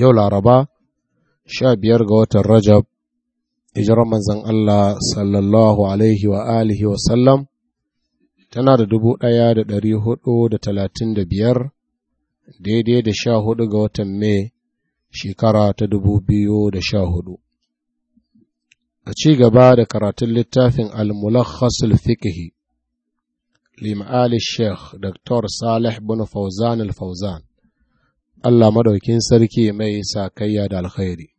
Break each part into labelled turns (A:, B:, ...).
A: yau laraba sha biyar ga watan rajab hijiran manzan Allah sallallahu alaihi wa alihi wa sallam tana da dubu ɗaya da ɗari hudu da talatin da biyar daidai da sha hudu ga watan mai shekara ta dubu biyu da sha hudu a ci gaba da karatun littafin al-mulakhasul fiqhi lima'ali sheikh dr salih bin fauzan al-fauzan Allah madaukin sarki mai sakayya da alkhairi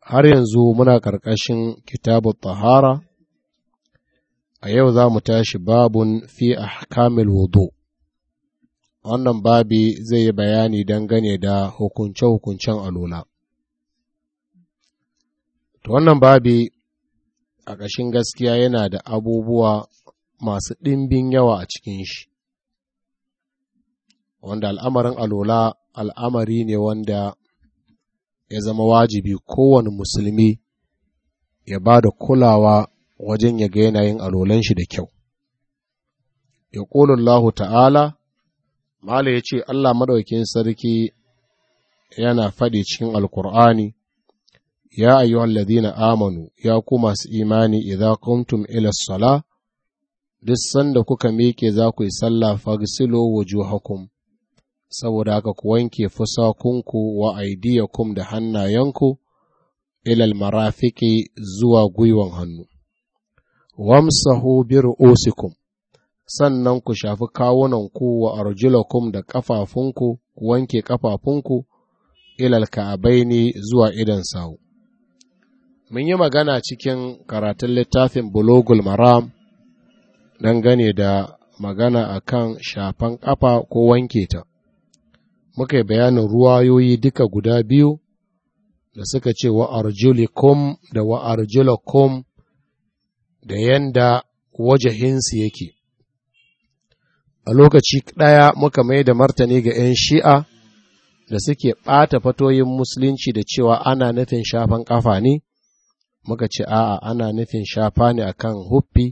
A: har yanzu muna karkashin kitabu tahara a yau za mu tashi babun fi ahkamil wudu wannan babi zai yi bayani dangane da hukunce-hukuncen alula. To wannan babi a ƙashin gaskiya yana da abubuwa masu ɗimbin yawa a cikin shi, wanda al'amarin alola al'amari ne wanda ya zama wajibi kowane musulmi ya ba da kulawa wajen ya gaina yin alolan shi da kyau. Ya Allahu ta'ala, Mala ya ce Allah maɗaukin sarki yana faɗi cikin Alƙur'ani, Ya Ladina amanu, ya ku masu imani idza kuntum ila sala, duk sanda kuka miƙe za ku yi sallah wa wujuhakum saboda haka ku wanke fusakunku wa aidiyakum da hannayenku ilal marafiki zuwa gwiwan hannu wamsahu bi ru'usikum sannan ku shafi kawunanku wa arjulakum da kafafunku ku wanke kafafunku ilal ka'abaini zuwa idan sawu mun yi magana cikin karatun littafin bulogul maram dangane da magana akan shafan ƙafa ko wanke ta muka yi bayanin ruwayoyi duka guda biyu da suka ce wa arjulikum da wa arjulakum da yanda wajahinsu yake a lokaci ɗaya muka mai da martani ga 'yan shi'a da suke ɓata fatoyin musulunci da cewa ana nufin shafan ƙafa ne muka ce a'a ana nufin shafa ne akan huffi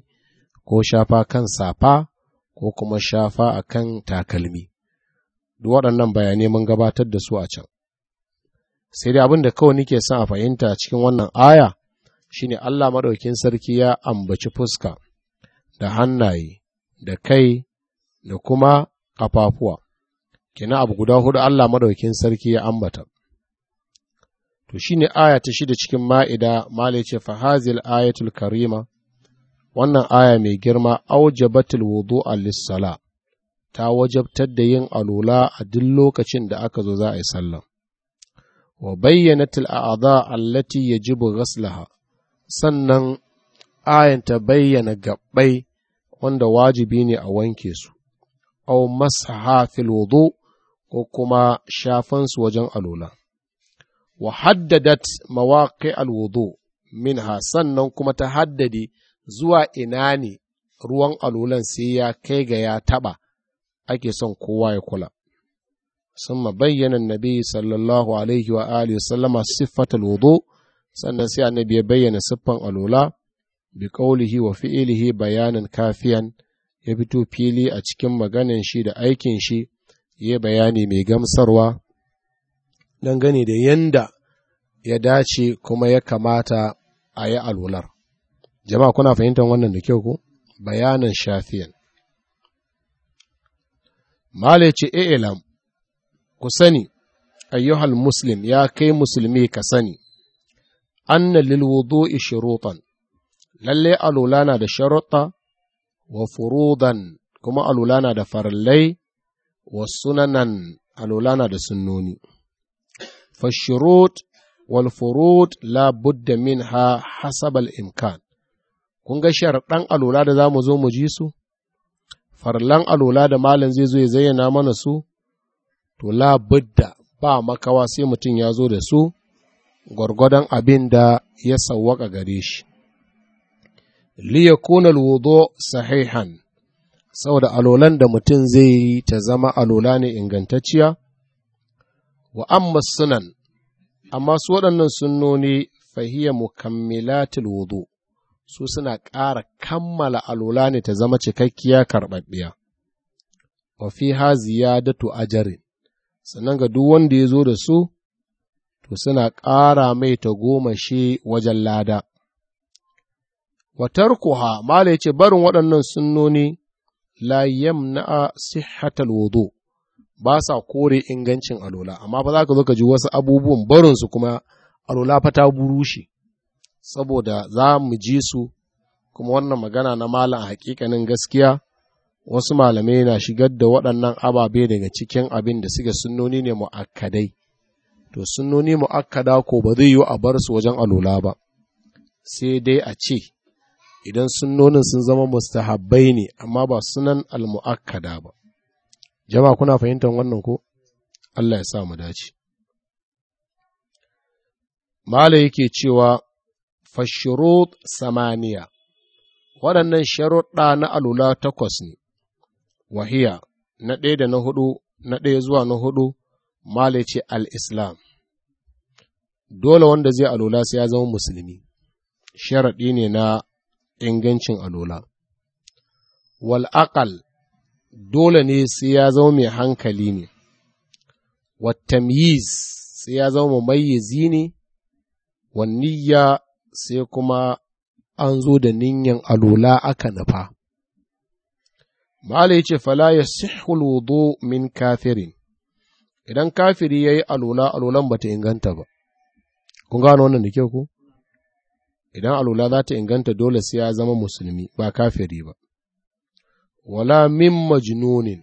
A: ko shafa kan safa ko kuma shafa akan takalmi duk waɗannan bayanai mun gabatar da su a can sai dai abin da kawai nake son a fahimta cikin wannan aya shine Allah maɗaukin sarki ya ambaci fuska da hannaye da kai da kuma ƙafafuwa kina abu guda hudu Allah maɗaukin sarki ya ambata to shine aya ta shida cikin ma'ida ma ce fahazil ayatul karima wannan aya mai girma aujabatul wudu a sala ta wajabtar da yin alola a duk lokacin da aka zo za a yi sallah. Wa bayyana til'a'adha allati yajibu ghaslaha sannan ta bayyana gaɓai wanda wajibi ne a wanke su, au masaha fil wudu ko kuma shafan su wajen alola. Wa haddadat al wudu minha sannan kuma ta haddade zuwa ina ne ruwan alolan sai ya kai ga ya taɓa ake son kowa ya kula sun ma bayyana nabi sallallahu alaihi wa alihi sallama siffata lodo sannan sai annabi ya bayyana siffan alola bi qawlihi wa fi'lihi bayanin kafiyan ya fito fili a cikin maganan shi da aikin shi ya bayani mai gamsarwa dangane da yanda ya dace kuma ya kamata a yi alular jama'a kuna fahimtar wannan da kyau ku bayanan shafiyan Mala ya ce, E'elam, eh, eh, ku sani, ayyuhal muslim ya kai musulmi ka sani, anna lil wudu'i shurutan lalle alula na da sharuɗa wa furudan kuma alula na da farallai wa sunanan alula na da sunnoni fashirut wal furud la budda min ha hasabal imkan kun ga sharɗan alula da mu zo mu ji su farlan alola da malam zai zo ya zayyana mana su to la ba makawa sai mutum ya zo da su gwargwadon abin da ya sawwaka gare shi liyakuna wudu sahihan saboda alolan da mutum zai yi ta zama alola ne ingantacciya wa amma sunan amma su waɗannan sunnoni fahiya mukammilatul wudu su suna ƙara kammala alola ne ta zama cikakkiya karɓaɓɓiya. Wa fi ha ziyadatu ajarin, sannan ga duk wanda ya zo da su, to suna ƙara mai ta goma shi wajen lada. Watar tarkuha, Mala ce barin waɗannan sunnoni la yamna'a sihhatal wudu ba sa kore ingancin alola, amma ba za ka zo ka ji wasu abubuwan barinsu kuma alola fa ta burushe. saboda za mu ji su kuma wannan magana na malam hakikanin gaskiya wasu malamai na shigar da waɗannan ababe daga cikin abin da suke sunnoni ne mu'akkadai to sunnoni mu'akkada ko ba zai yi a bar su wajen alola ba sai dai a ce idan sunnonin sun zama mustahabbai ne amma ba sunan almu'akkada ba jama kuna fahimtar wannan ko Allah ya sa mu dace mala yake cewa fashirut samaniya waɗannan sharuɗa na alula takwas ne wahiya na ɗaya da na hudu na ɗaya zuwa na hudu malice al-islam dole wanda zai alula sai ya zama musulmi sharaɗi ne na ingancin alula wal'aƙal dole ne sai ya zama mai hankali ne wattamyiz sai ya zama mayyizi ne ya? sai kuma an zo da ninyan alola aka nufa. mala ya ce, Fala ya wudu min kafirin, idan kafiri ya yi alola, alolan ba ta inganta ba. Kun gano wannan da kyau ku? Idan alola za ta inganta dole sai ya zama musulmi ba kafiri ba. Wala min majnunin,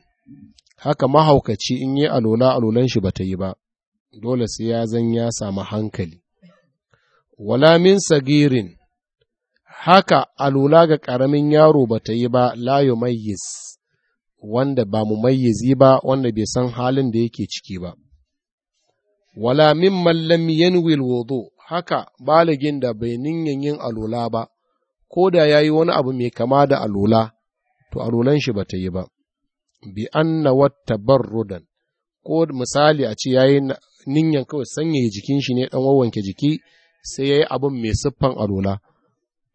A: haka mahaukaci in yi alola, alolan shi ba ta yi ba, dole sai ya zan ya samu hankali. wala min sagirin haka alula ga ƙaramin yaro ba ta yi ba layo mayyiz wanda ba mu mayyizi ba wanda bai san halin da yake ciki ba wala min mallam yanwil wudu haka baligin da bai ninyan yin alula ba ko da ya yi wani abu mai kama da alula to alulan shi ba ta yi ba bi anna wata barrudan ko misali a ce ya yi ninyan kawai sanyaya jikin shi ne dan wawanke jiki sai ya yi abin mai siffan alola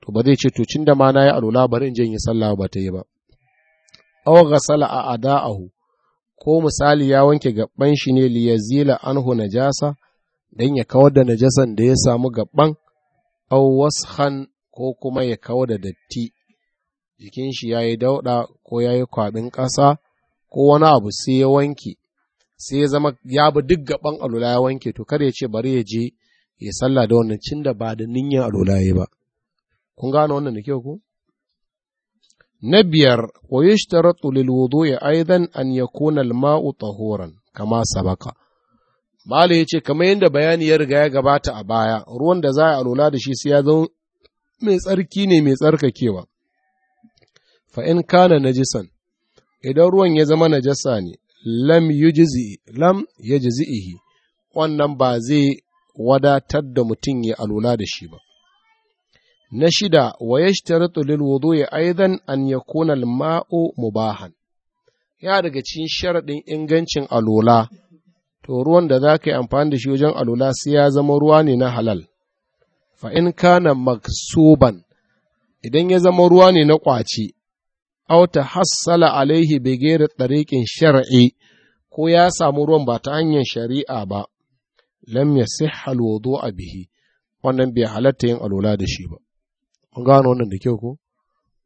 A: to ba zai ce to cin da ma na yi alola bari in je yi sallah ba ta yi ba aw ghasala a ada'ahu ko misali ya wanke gaban shi ne li yazila anhu najasa dan ya kawar da najasan da ya samu gaban aw washan ko kuma ya kawar da datti jikin shi yayi dauda ko yayi kwabin ƙasa ko wani abu sai ya wanke sai ya zama ya bi duk gaban alula ya wanke to kada ya ce bari ya je ya salla da wannan cin da ba da niyyar alwala ya ba kun gano wannan da kyau ku? na biyar wa ya lil wudu'i aidan an ya al ma'u tahoran, kama sabaka Malam ya ce, kamar yadda bayani ya riga ya gabata a baya, ruwan da za a alula da shi sai ya zama mai tsarki ne mai tsarkakewa. Fa in kana najisan, idan ruwan ya zama najasa ne, lam yujzi lam ihi, wannan ba zai wadatar da mutum ya alula da shi ba. Na shida, wa ya lil wudu ya aizan an ya kunal ma'o mubahan, ya daga cikin sharaɗin ingancin alula, to ruwan da za ka yi amfani da shi wajen alula sai ya zama ruwa ne na halal, fa in kana maksuban, idan ya zama ruwa ne na ƙwace, auta ta hassala alaihi bigere tsariƙin shar'i ko ya samu ruwan ba ta hanyar shari'a ba, lam yasihha alwudu'a bihi wannan bai halatta yin alwala da shi ba kun gano wannan da kyau ko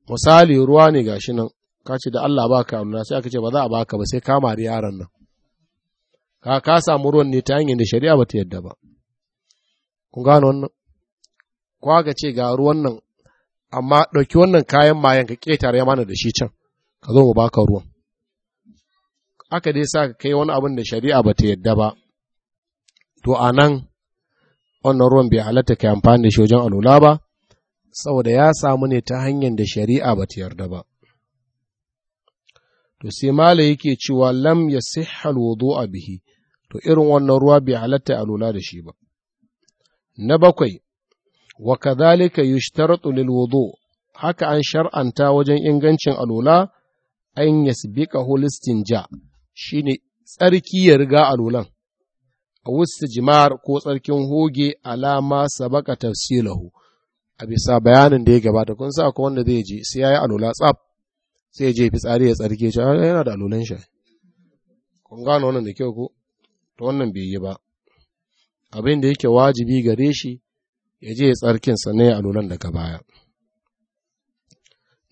A: misali ruwa ne gashi nan ka ce da Allah baka alwala sai aka ce ba za a baka ba sai ka mari yaron nan ka ka samu ruwan ne ta hanyar da shari'a ba ta yadda ba kun gano wannan ko ka ce ga ruwan nan amma ɗauki wannan kayan mayan ka ƙetare mana da shi can ka zo mu baka ruwan aka dai sa ka kai wani abin da shari'a ba ta yadda ba to a nan wannan ruwan bai halatta ka amfani da shi wajen alula ba saboda ya samu ne ta hanyar da shari'a ba ta yarda ba to sai mala yake cewa lam ya sihhal a bihi to irin wannan ruwa bai halatta alula da shi ba na bakwai wa kadhalika yushtaratu lil wudu haka an shar'anta wajen ingancin alula an yasbiqahu ja shine tsarki ya riga alulan a wusta jimar ko tsarkin hoge alama sabaka tafsilahu a bisa bayanin da ya gabata kun sa ko wanda zai je sai ya yi alula tsaf sai ya je fitsari ya tsarki shi yana da alulan shi kun gano wannan da kyau ko to wannan bai yi ba abin da yake wajibi gare shi ya je tsarkin ne ya alulan daga baya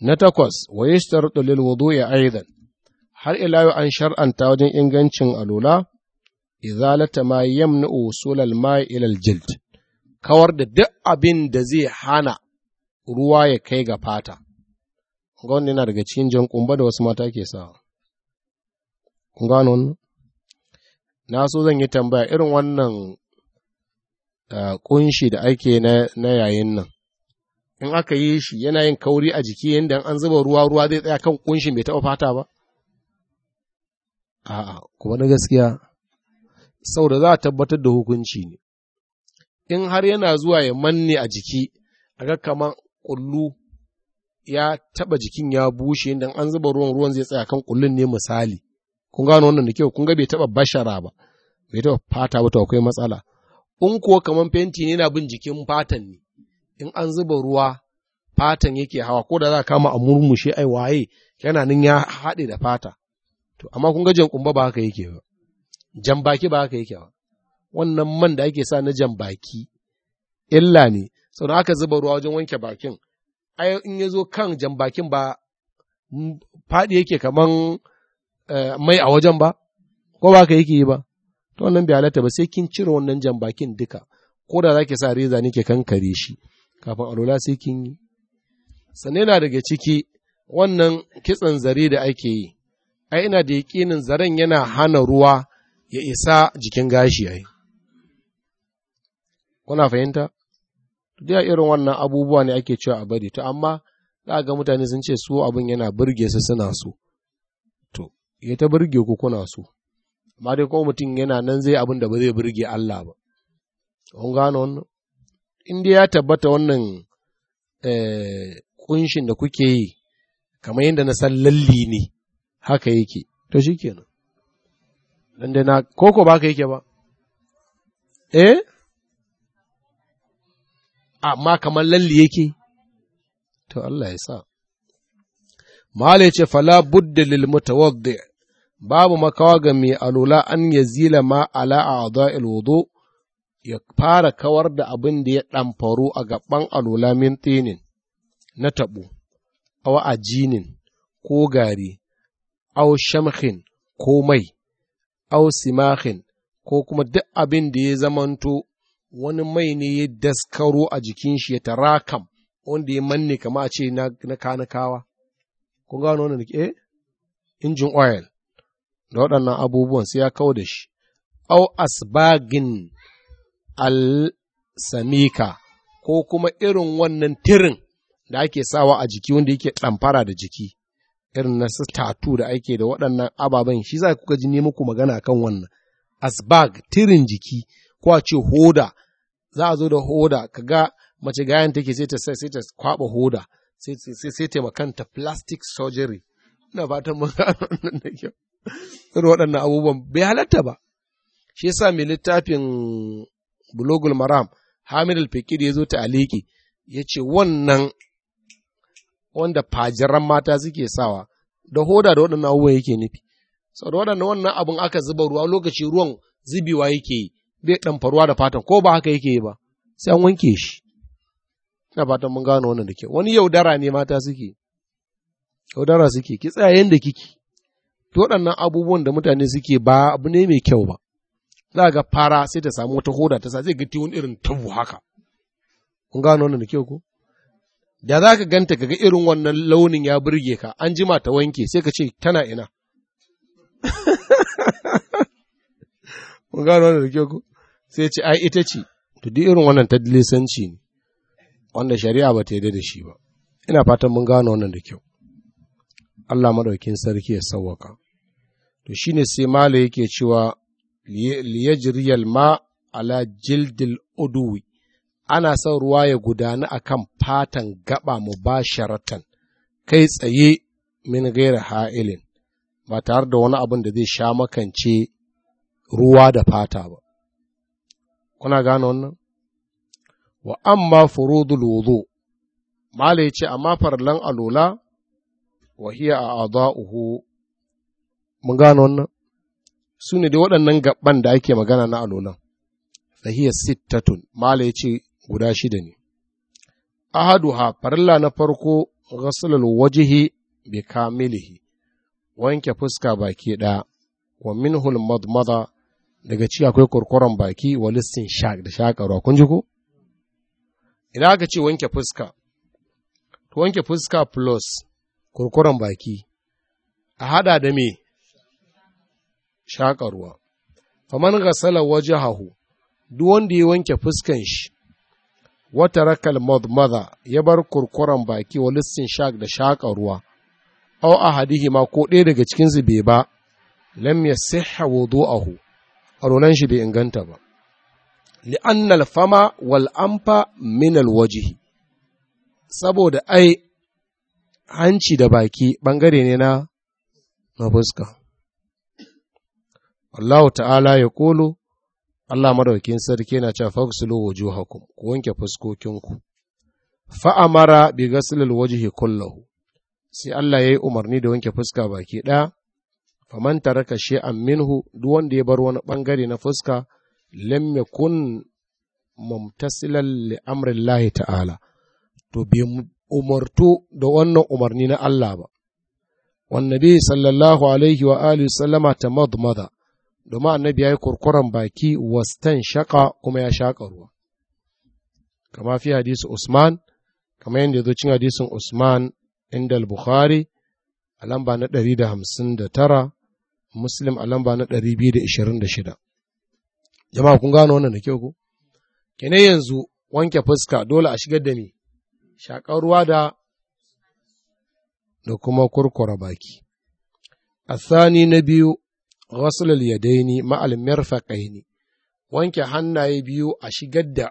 A: na takwas wa yashtaru lil wudu'i aidan har ila yu an shar'anta wajen ingancin alula izalata ma yamna usulal ma'i ilal jild kawar da duk abin da zai hana ruwa ya kai ga fata ga wannan yana daga cikin jan kumba da wasu mata ke sa kun gano na so zan yi tambaya irin wannan kunshi da ake na yayin nan in aka yi shi yana yin kauri a jiki yadda an zuba ruwa ruwa zai tsaya kan kunshi bai taɓa fata ba a'a kuma na gaskiya Sau da za a tabbatar da hukunci ne. In har yana zuwa ya manne a jiki, a ga kamar ƙullu ya taɓa jikin ya bushe, inda an zuba ruwan ruwan zai tsaya kan ƙullun ne misali. Kun gano wannan da kyau, kun ga bai taɓa bashara ba, bai taɓa fata ba to akwai matsala. In kuwa kamar fenti ne yana bin jikin fatan ne, in an zuba ruwa fatan yake hawa ko da za kama a murmushe ai waye yana nan ya haɗe da fata. To amma kun ga jan kumba ba haka yake ba. jan baki ba haka yake ba wannan man da ake sa na jan baki illa ne sau aka zuba ruwa wajen wanke bakin ai in ya zo kan jan bakin ba faɗi yake kaman eh, mai a wajen ba ko ba ka yake yi ba to wannan bai halatta ba sai kin cire wannan jan bakin duka ko da zaki sa reza ne ke kankare shi kafin alola sai kin yi sannan yana daga ciki wannan kitsan zare da ake yi ai ina da yakinin zaren yana hana ruwa ya isa jikin gashi yayi kuna fahimta duk irin wannan abubuwa ne ake cewa a bari to amma za ga mutane sun ce su abin yana burge su suna so to ya ta burge ku kuna so amma dai kuma mutum yana nan zai abin da ba zai burge Allah ba kun gano wannan in ya tabbata wannan eh, kunshin da kuke yi kamar yadda na san lalli ne haka yake to shi kenan. don na koko ba ka yake ba eh amma kamar lalli yake to Allah ya sa malice fala budda lil mutawaddi babu makawa ga mai alula an yazila ma ala a'dha'il wudu ya fara kawar da abin da ya ɗamfaru a gaban alula min tinin na taɓo, awa ajinin ko gari, au shamkhin ko mai, au simahin ko kuma duk abin da ya zamanto wani mai ne ya daskaro a jikin shi ya tarakam wanda ya manne kama a ce na kanakawa. Kun gano wani eh? Injin oil da waɗannan abubuwan sai ya kawo da shi. Au asbagin al-samika ko kuma irin wannan tirin da ake sawa a jiki wanda yake ɗamfara da jiki. irin na tatu da ake da waɗannan ababen shi za kuka ji muku magana kan wannan asbag tirin jiki ko a ce hoda za a zo da hoda ka ga mace gayan take sai ta sai ta kwaba hoda sai sai ta makanta plastic surgery ina fatan mun wannan da kyau irin waɗannan abubuwan bai halatta ba shi yasa mai littafin bulogul maram hamid al ya zo ta aliki ya ce wannan wanda fajiran mata suke sawa da hoda da waɗannan abubuwan yake nufi sau da waɗannan wannan abin aka zuba ruwa lokaci ruwan zubewa yake yi bai ɗan faruwa da fatan ko ba haka yake yi ba sai an wanke shi ina fatan mun gano wannan da kyau wani yaudara ne mata suke yaudara suke ki tsaya yanda kiki to waɗannan abubuwan da mutane suke ba abu ne mai kyau ba za ga fara sai ta samu wata hoda ta sa zai ga tiwon irin tabu haka mun gano wannan da kyau ko da za ka ganta ka ga irin wannan launin ya burge ka an jima ta wanke sai ka ce tana ina mun gano wannan da ku sai ce ai ita ce to duk irin wannan ta lisanci ne wanda shari'a ba ta yi da shi ba ina fatan mun gano wannan da kyau Allah madaukin sarki ya sauwaka. to shine sai mala yake cewa liyajriyal ma ala jildil uduwi ana son ruwa ya gudana a kan fatan gaba mu ba sharatan, kai tsaye min gaira ha'ilin, ba tare da wani abin da zai sha makance ruwa da fata ba. Kuna gano wannan? Wa amma furudul wudu, Mala ya ce, amma farlan alola, hiya a adha'uhu mun gano wannan? Su ne dai waɗannan gaban da ake magana na alolan. Fahiya sittatun, Mala ya ce, guda shida ne. Ahaduha farilla na farko ghasalul wajihi bi kamilihi wanke fuska baki ɗaya wa minhul madmada daga ci akwai kurkuren baki wa listin shaq da shakarwa kun ji ku. idan aka ce wanke fuska to wanke fuska plus kurkuren baki a hada da me shakarwa faman gasala wajahahu duk wanda ya wanke fuskan shi wata rakal madmada ya bar kurkuran baki wa lissin shak da shaƙa ruwa, au a hadihi ma ko ɗaya daga cikinsu bai ba, lam ya siha wudu'ahu, a shi bai inganta ba. Li'annal fama wal amfa minal wajihi, saboda ai hanci da baki bangare ne na na fuska. Allah ta'ala ya kolo, Allah madaukin sarki yana cewa fagsulu wujuhakum ku wanke fuskokinku fa amara bi ghaslil wajhi kullahu sai Allah yayi umarni da wanke fuska baki ɗaya man taraka shay'an minhu duk wanda ya bar wani bangare na fuska lam yakun mumtasilan li amrillahi ta'ala to bai umartu da wannan umarni na Allah ba wannan sallallahu alaihi wa alihi sallama ta domin annabi ya yi kurkuren baki wastan shaka kuma ya shaka ruwa kama fi hadisi usman kama yadda zo cin hadisin usman inda al-bukhari a lamba na 159 muslim a lamba na 226 jama'a kun gano wannan da kyau ku kene yanzu wanke fuska dole a shigar da ni, shaƙar ruwa da da kuma kurkura baki. Asani na biyu ghaslul yadaini ma'al mirfaqaini wanke hannaye biyu a shigar da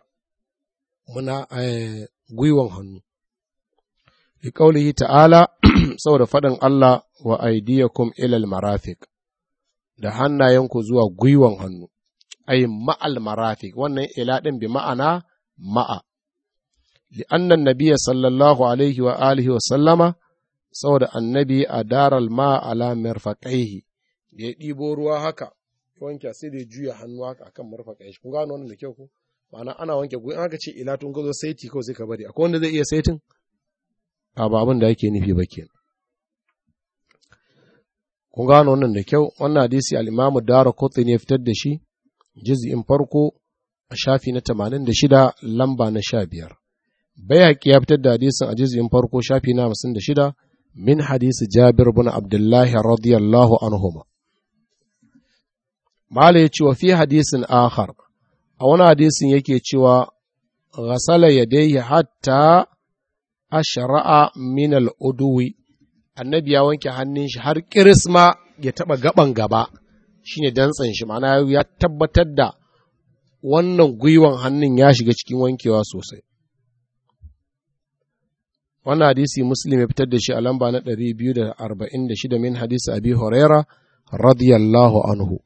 A: muna eh, gwiwan hannu li qaulihi ta'ala da faɗin Allah wa aidiyakum ilal marafik. da hannayenku zuwa gwiwon hannu ay ma'al marafik, wannan ila din bi ma'ana ma'a li'annan nabiya sallallahu alaihi wa alihi wa sallama saboda annabi a daral ma da ya ɗibo ruwa haka ya wanke sai da ya juya hannu haka akan murfa kan shi kun gano wannan da kyau ko ma'ana ana wanke in aka ce ila tun gazo saiti kawai sai ka bari akwai wanda zai iya saitin a ba abin da yake nufi ba ke. kun gano wannan da kyau wannan hadisi al-Imam ne ya fitar da shi juz'in farko a shafi na 86 lamba na 15 Bayhaqi ya fitar da hadisin a juz'in farko shafi na 56 min hadisi Jabir bin Abdullahi radiyallahu anhuma mala ya ce wa fi hadisin akhar a wani hadisin yake cewa rasala ghasala ya hatta a min minal annabi ya wanke hannun shi har kirisma ya taba gaban gaba shi ne dantsan shi ma'ana ya tabbatar da wannan gwiwan hannun ya shiga cikin wankewa sosai wannan hadisi muslim ya fitar da shi a lamba na 246 min hadisi abi huraira radiyallahu anhu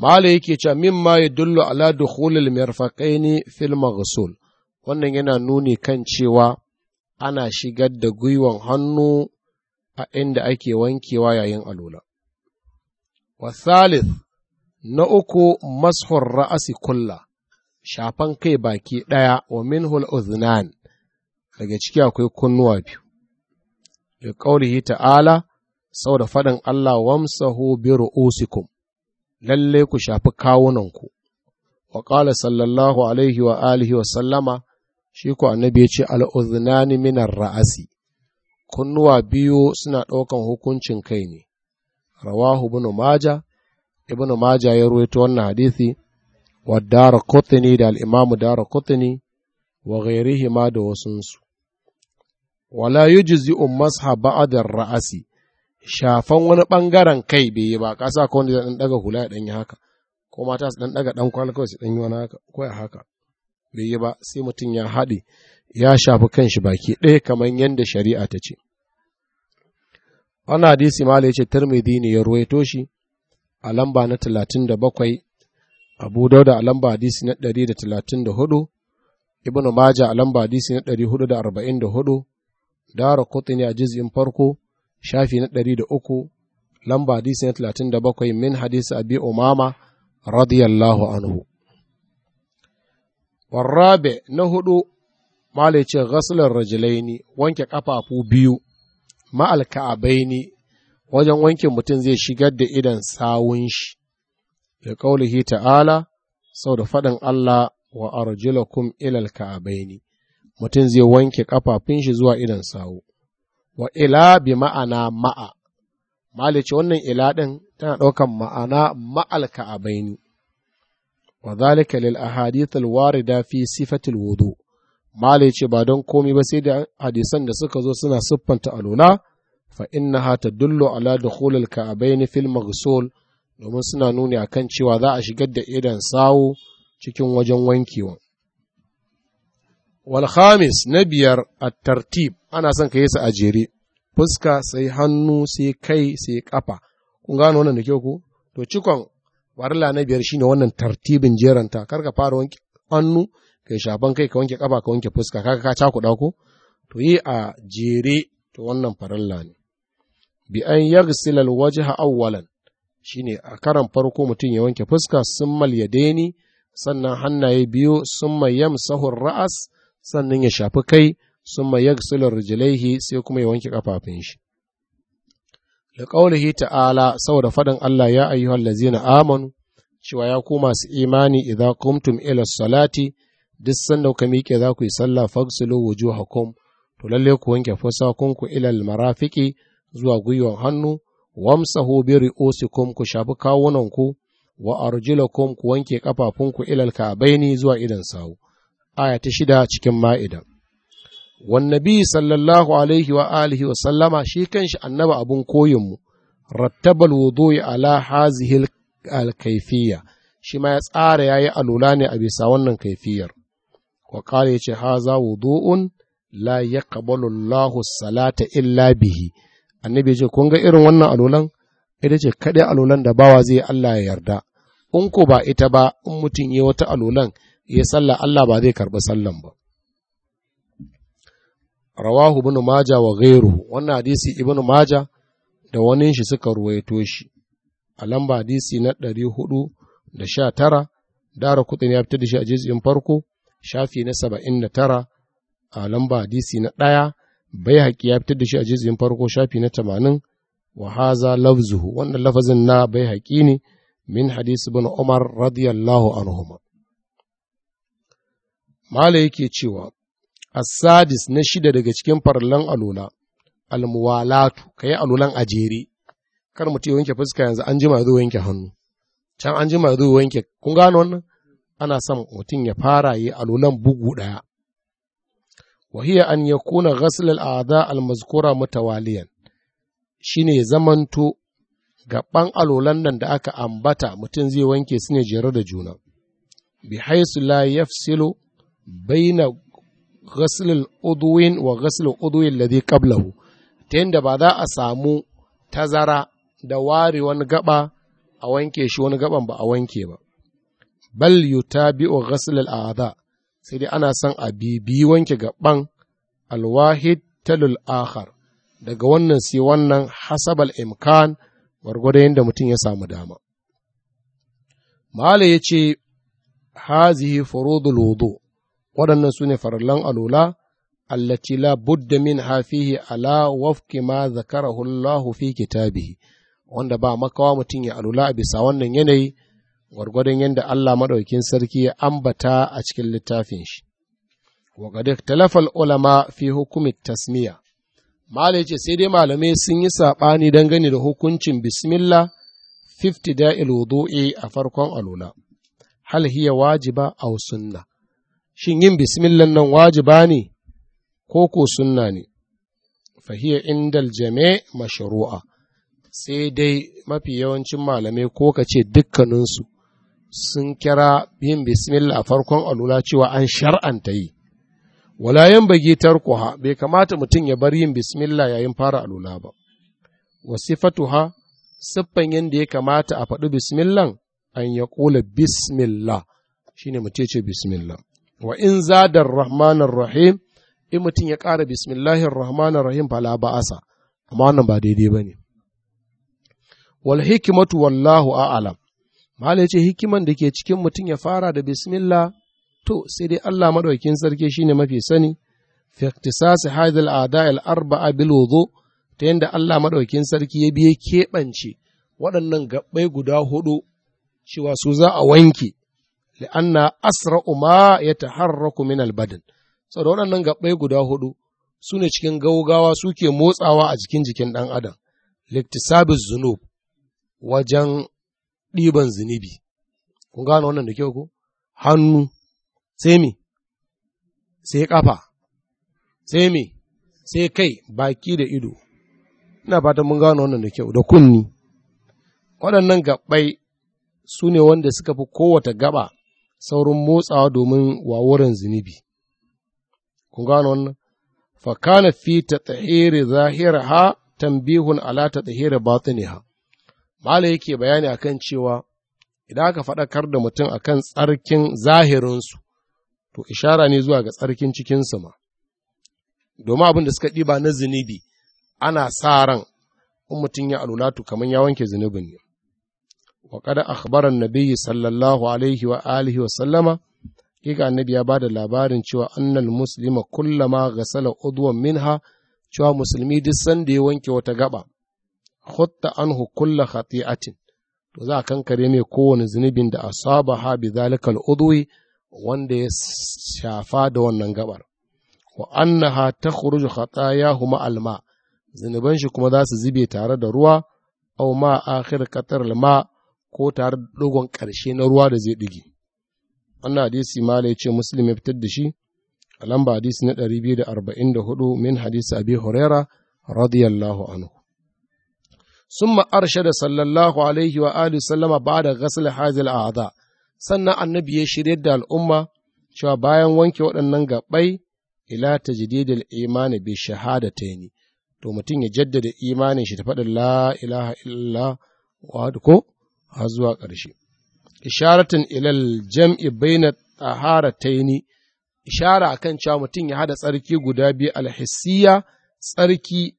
A: Mala yake cewa mimma ya dullu ala dukhulil mirfaqaini fil maghsul wannan yana nuni kan cewa ana shigar da gwiwan hannu a inda ake wankewa yayin alula. Wasalith na uku mashur ra'asi kulla shafan kai baki ɗaya wa minhul uznan daga ciki akwai kunnuwa biyu. Da ƙaurihi ta'ala sau da faɗin Allah wamsahu bi ru'usikum lalle ku shafi kawunanku wa sallallahu alaihi wa alihi wa sallama shi ku annabi ya ce al'uznani minar ra'asi kunnuwa biyu suna ɗaukan hukuncin kai ne rawahu ibn maja ibn maja ya ruwaito wannan hadithi, wa dara kotini da al'imamu dara kotini wa gairihi ma da wasunsu wala yi jizi ba'adar ra'asi shafan wani ɓangaren kai bai yi ba ƙasa ko wanda zai ɗan ɗaga hula ya ɗan yi haka ko mata su ɗan ɗaga ɗan kwana kawai su ɗan yi wani haka ko ya haka bai yi ba sai mutum ya haɗe ya shafi kanshi baki ɗaya kamar yadda shari'a ta ce wannan hadisi ma ya ce tirmidhi ne ya ruwaito shi a lamba na talatin da bakwai abu dauda a lamba hadisi na ɗari da talatin da hudu ibn maja a lamba hadisi na ɗari hudu da arba'in da hudu dara kutini a jiz'in farko shafi na ɗari da uku lamba hadisi na talatin da bakwai min hadisi abi umama radiyallahu anhu warrabe na hudu malai ce ghaslar rajilaini wanke kafafu biyu ma'al ka'abaini wajen wanke mutum zai shigar da idan sawun shi da kaulihi ta'ala sau da faɗin Allah wa arjulakum ilal ka'abaini mutum zai wanke kafafun shi zuwa idan sawu wa ila bi ma'ana ma'a malice wannan ila ɗin tana ɗaukan ma'ana ma'al ka'abaini wa zalika lil ahadith al warida fi sifatil wudu malice ba don komai ba sai da hadisan da suka zo suna siffanta alula fa innaha tadullu ala dukhul al ka'abaini fil maghsul domin suna nuni akan cewa za a shigar da idan sawu cikin wajen wankewa wal na biyar a tartib ana son ka yi su a jere fuska sai hannu sai kai sai kafa kun gano wannan da kyau ko to cikon warla na biyar shine wannan tartibin jeranta kar ka fara wanke hannu kai shafan kai ka wanke kafa ka wanke fuska kaga ka cakuɗa ko to yi a jere to wannan farilla ne bi an yaghsila alwajha awwalan shine a karan farko mutum ya wanke fuska ya yadaini sannan hannaye biyu summa sahun ra'as sannan ya shafi kai sun ma yagsilar rijilaihi sai kuma ya wanke kafafun shi da ƙaunahi ta'ala saboda faɗin Allah ya ayyuhal lazina amanu cewa ya ku masu imani idza kumtum ila salati duk sanda kuka miƙe za ku yi sallah fagsilu hakum, to lalle ku wanke fusakunku ila marafiki zuwa gwiwan hannu wamsahu bi ru'usikum ku shafi kawunanku wa arjulakum ku wanke kafafunku ila a kabaini zuwa idan sawu aya ta shida cikin ma'ida wannabi sallallahu alaihi wa alihi wa sallama shi kanshi annaba abin koyinmu rattabal wudu'i ala hazihil alkaifiya, shi ma ya tsara ya yi alula ne a bisa wannan kaifiyar wa qala yace haza wudu'un la yaqbalu Allahu salata illa bihi annabi ce kun ga irin wannan alulan ita ce kadai alulan da bawa zai Allah ya yarda in ko ba ita ba in mutum yi wata alulan ya sallah Allah ba zai karɓi sallan ba rawahu bin maja wa Gairu, wannan hadisi ibn maja da wani shi suka ruwaito shi a lamba hadisi na tara, dara kudin ya fitar da shi a jizgin farko shafi na saba'in tara a lamba hadisi na ɗaya bai haƙi ya fitar da shi a jizgin farko shafi na tamanin wa haza lafzuhu wannan lafazin na bai haƙi ne min hadisi bin umar radiyallahu anhuma Mala yake cewa, Asadis na shida daga cikin farallan alola, almuwalatu, ka yi alolan a jere, kar mutum wanke fuska yanzu an jima zo wanke hannu, can an jima zo wanke, kun gano wannan? Ana son mutum ya fara yi alolan bugu ɗaya. وهي أن يكون غسل الأعضاء mutawaliyan, Shi ne zamanto gaban alolan nan da aka ambata mutum zai wanke su ne jere da juna bi haisu la baina ghaslul udwin wa ghaslul udwin ladhi qablahu ta yadda ba za a samu tazara da ware wani gaba a wanke shi wani gaban ba a wanke ba bal yutabi'u ghaslul a'dha sai dai ana son a bibi wanke gaban alwahid talul akhar daga wannan sai wannan hasabal imkan gwargwado yadda mutum ya samu dama mahala ya ce hazihi furudul wudu waɗannan su ne farallan alola allati la budda min hafihi ala wafki ma zakarahu Allah fi kitabihi wanda ba makawa mutum ya alula a bisa wannan yanayi gwargwadon yadda Allah maɗaukin sarki ya ambata a cikin littafin shi wa qad ikhtalafa ulama fi hukumi tasmiya malai ce sai dai malamai sun yi saɓani dangane da hukuncin bismillah 50 da'il wudu'i a farkon alula hal hiya wajiba aw sunna shin yin bismillan nan wajiba ne ko ko sunna ne fahiya indal jame mashru'a sai dai mafi yawancin malamai ko ka ce dukkaninsu sun kira yin bismillah a farkon alula cewa an shar'anta yi wala yan bagi tarkuha bai kamata mutum ya bar yin bismillah yayin fara alula ba wasifatuha siffan yadda ya kamata a faɗi bismillah an ya ƙula bismillah shine mutum ce bismillah wa in zadar rahmanar rahim in mutum ya ƙara bismillahir rahmanar rahim fala ba'asa amma wannan ba daidai ba ne wal hikimatu wallahu a'lam mala ce hikiman da ke cikin mutum ya fara da bismillah to sai dai Allah madaukakin sarki shine mafi sani fi iktisas hadhal al arba'a bil wudu ta yanda Allah madaukakin sarki ya biye keɓance waɗannan gabbai guda hudu cewa su za a wanke li'anna asra ma yataharraku min albadin sau saboda waɗannan gaɓɓai guda hudu su ne cikin gaugawa suke motsawa a jikin jikin ɗan adam liktisabis zunub wajen ɗiban zunubi kun gano wannan da kyau ko hannu sai me sai kafa sai me sai kai baki da ido ina fatan mun gano wannan da kyau da kunni waɗannan gaɓɓai su ne wanda suka fi kowace gaba saurin motsawa domin wawuran zunubi. Kun gano wannan? Fakana fi ta tsahiri zahira ha tambihun ala ta tsahiri batiniha. Mala yake bayani akan cewa idan aka faɗakar da mutum a kan tsarkin zahirinsu, to ishara ne zuwa ga tsarkin cikinsu ma. Domin abin da suka ɗiba na zunubi, ana sa ran in mutum ya alulatu kamar ya wanke zunubin ne. wa kada akhbaran nabiyyi sallallahu alaihi wa alihi wa sallama kika annabi ya bada labarin cewa annal muslima ma ghasala udwan minha cewa musulmi duk sanda ya wanke wata gaba khutta anhu kulla khati'atin to za a kankare mai kowane zunubin da asaba ha bi zalikal wanda ya shafa da wannan gabar wa annaha takhruju khatayahu ma alma zunuban shi kuma zasu su zube tare da ruwa auma ma akhir ma. ko tare da dogon ƙarshe na ruwa da zai ɗige. Wannan hadisi mala ce Muslim ya fitar da shi a lamba hadisi na 244 min hadisi Abi Huraira radiyallahu anhu. da أرشد صلى الله عليه وآله وسلم بعد ghasl هذه الأعضاء sannan annabi ya shirya da al'umma cewa bayan wanke waɗannan gaɓai ila tajdidil imani bi shahadatayn to mutum ya jaddada imanin shi ta faɗin la ilaha illa wa ko har zuwa ƙarshe. Isharatin ilal jam'i baina taharataini ishara akan cewa mutum ya hada tsarki guda biyu alhissiya tsarki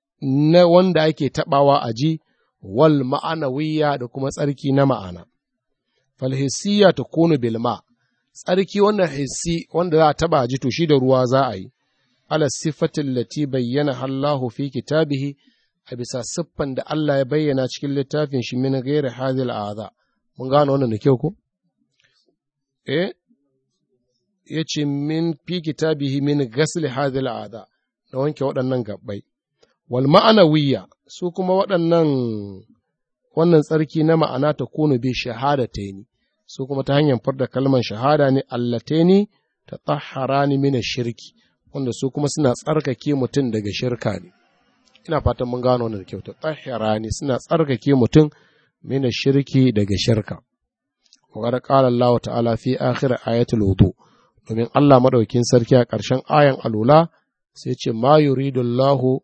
A: na wanda ake tabawa a ji wal ma'anawiyya da kuma tsarki na ma'ana. Falhissiya ta kunu bilma tsarki wanda hissi wanda za a taɓa a ji to shi da ruwa za a yi. Ala sifatin lati bayyana Allahu fi kitabihi a bisa siffan da Allah ya bayyana cikin littafin shi min ghairi hadhil aza mun gano wannan da kyau ko eh yace min fi kitabihi min ghasl hadhil aza da wanke waɗannan gabbai wal ma'anawiyya su kuma waɗannan wannan tsarki na ma'ana ta kunu bi shahadataini su kuma ta hanyar farda kalmar shahada ne allataini ta tahharani min shirki wanda su kuma suna tsarkake mutum daga shirka ne ina fatan mun gano wannan da kyau ta tsahira ne suna tsarkake mutum mina shirki daga shirka وقد قال ta'ala Ta'ala في آخر آية wudu domin Allah maɗaukin sarki a ƙarshen ayan alula sai ce ma yuridu Allah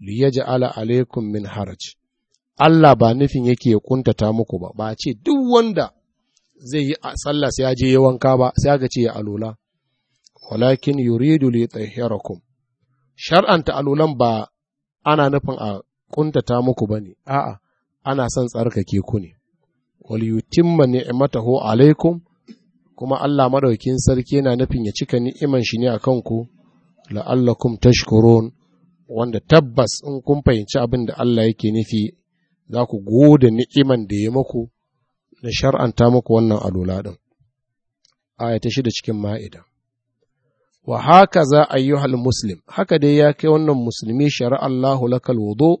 A: li yaj'ala alaikum min haraj Allah ba nufin yake ya kuntata muku ba ba ce duk wanda zai yi sallah sai ya je yawanka wanka ba sai ga ce ya alula walakin yuridu li yutahhirakum shar'anta alolan ba ana nufin a kuntata muku ba ne, a'a, ana son tsarkake ku ne, waliyutimma ni'imatahu alaikum, kuma Allah maɗaukin sarki yana nufin ya cika ni'iman shi ne a kanku, la'allakum tashkurun wanda tabbas in kun fahimci abin da Allah yake nufi za ku gode ni'iman da ya muku da shar'anta muku wannan alula ɗin. Aya ta shida cikin ma'ida. wa haka za a yi muslim haka dai ya kai wannan musulmi shari'ar Allahu lakal wudu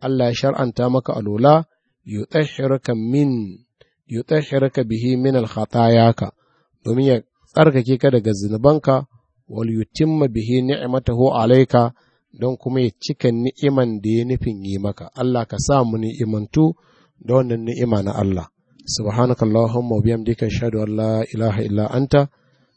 A: Allah ya shar'anta maka alola yutahhiruka min yutahhiruka bihi min al ka domin ya tsarkake ka daga zinubanka wal yutimma bihi ni'matahu alayka don kuma ya cika ni'iman da ya nufin yi maka Allah ka sa mu ni'imantu da wannan ni'ima na Allah subhanakallahumma wa bihamdika ashhadu an la ilaha illa anta